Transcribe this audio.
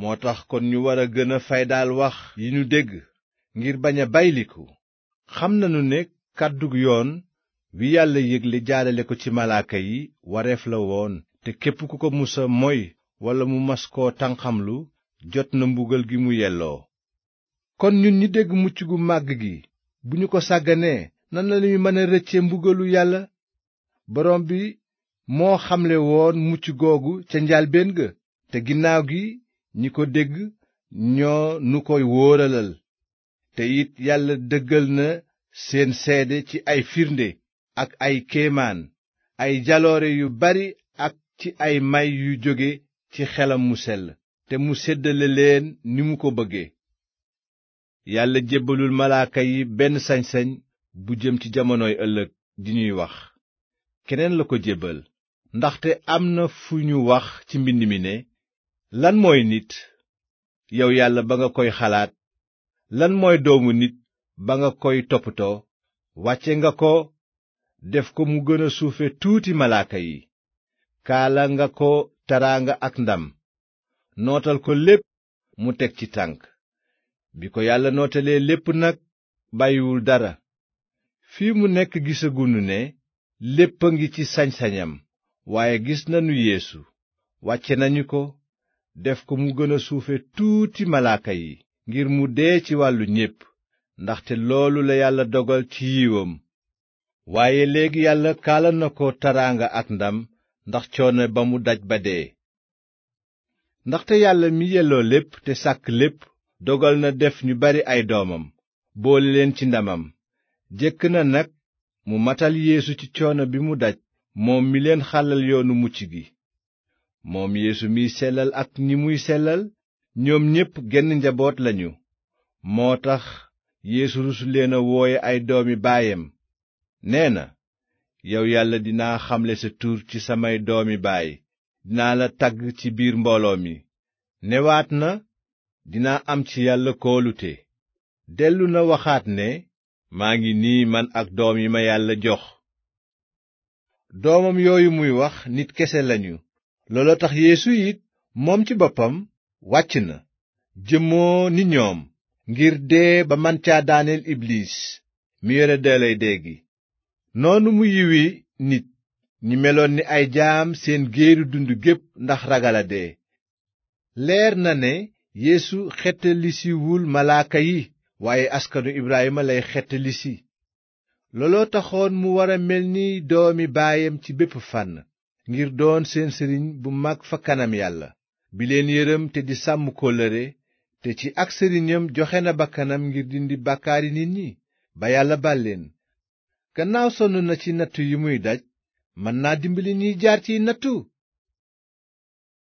moo tax kon ñu war a gën a faydaal wax yi ñu dégg ngir bañ a bayliku xam nañu ne kàddug yoon wi yàlla yégle jaarale ko ci malaaka yi wareef la woon te képp ku ko musa moy walla mu mas koo tanqamlu jot na mbugal gi mu yelloo kon ñun ñi dégg mucc gu màgg gi bu ñu ko sàgganee nan lañuy mën a rëcce mbugalu yàlla borom bi moo xamle woon mucc googu ca njaalbéen ga te ginnaaw gi ñi ko dégg ñoo nu koy wóoralal te yàlla dëggal na seen seede ci ay firnde ak ay kéemaan ay jaloore yu bari ak ci ay may yu jóge ci xelam mu sell te mu seddale leen ni mu ko bëgge yàlla jébbalul malaaka yi benn sañsañ bu jëm ci jamonoy ëllëg di ñuy wax keneen la ko jébbal ndaxte am na fu ñu wax ci mbind mi ne lan mooy nit yow yàlla ba nga koy xalaat lan mooy doomu nit ba nga koy toppatoo wàcce nga ko def ko mu gën a suufe tuuti malaaka yi kaala nga ko taraanga ak ndam nootal ko lépp mu teg ci tànk bi ko yàlla nootalee lépp nag bàyyiwul dara fi mu nekk gisagunu ne lépp a ngi ci sañ-sañam waaye gis nanu yeesu wàcce nañu ko def ko mu gën a suufe tuuti malaaka yi ngir mu dee ci wàllu ñépp ndaxte loolu la yàlla dogal ci yiwam waaye léegi yàlla kaala na ko taraanga ak ndam ndax coono ba mu daj ba dee ndaxte yàlla mi yelloo lépp te sàkk lépp dogal na def ñu bari ay doomam boole leen ci ndamam jëkk na nag mu matal yéesu ci coono bi mu daj moom mi leen xàllal yoonu mucc gi moom Yeesu miy sellal ak ni muy sellal ñoom ñépp genn njaboot lañu moo tax Yeesu rusu leen a wooye ay doomi baayam nee na yow yàlla dinaa xamle sa tur ci samay doomi baay dinaa la tagg ci biir mbooloo mi newaat na dinaa am ci yàlla koolute dellu na waxaat ne maa ngi nii man ak doom yi ma yàlla jox doomam yooyu muy wax nit kese lañu looloo tax yéesu it moom ci boppam wàcc na jëmmoo ni ñoom ngir dee ba man caa daaneel ibliis mi yore dooley dee gi noonu mu yiwi nit ñi meloon ni ay jaam seen géeru dund gépp ndax ragal a dee leer na ne yéesu xettalisiwul malaaka yi waaye askanu Ibrahima lay xettalisi looloo taxoon mu war a mel ni doomi baayam ci bépp fànn ngir doon seen sëriñ bu mag fa kanam yàlla bi leen yërëm te di sàmm kóllëre te ci ak sëriñam joxe na bakkanam ngir dindi bàkkaari nit ñi ba yàlla baal leen gannaaw sonn na ci natt yi muy daj mën na dimbali ñiy jaar ciy nattu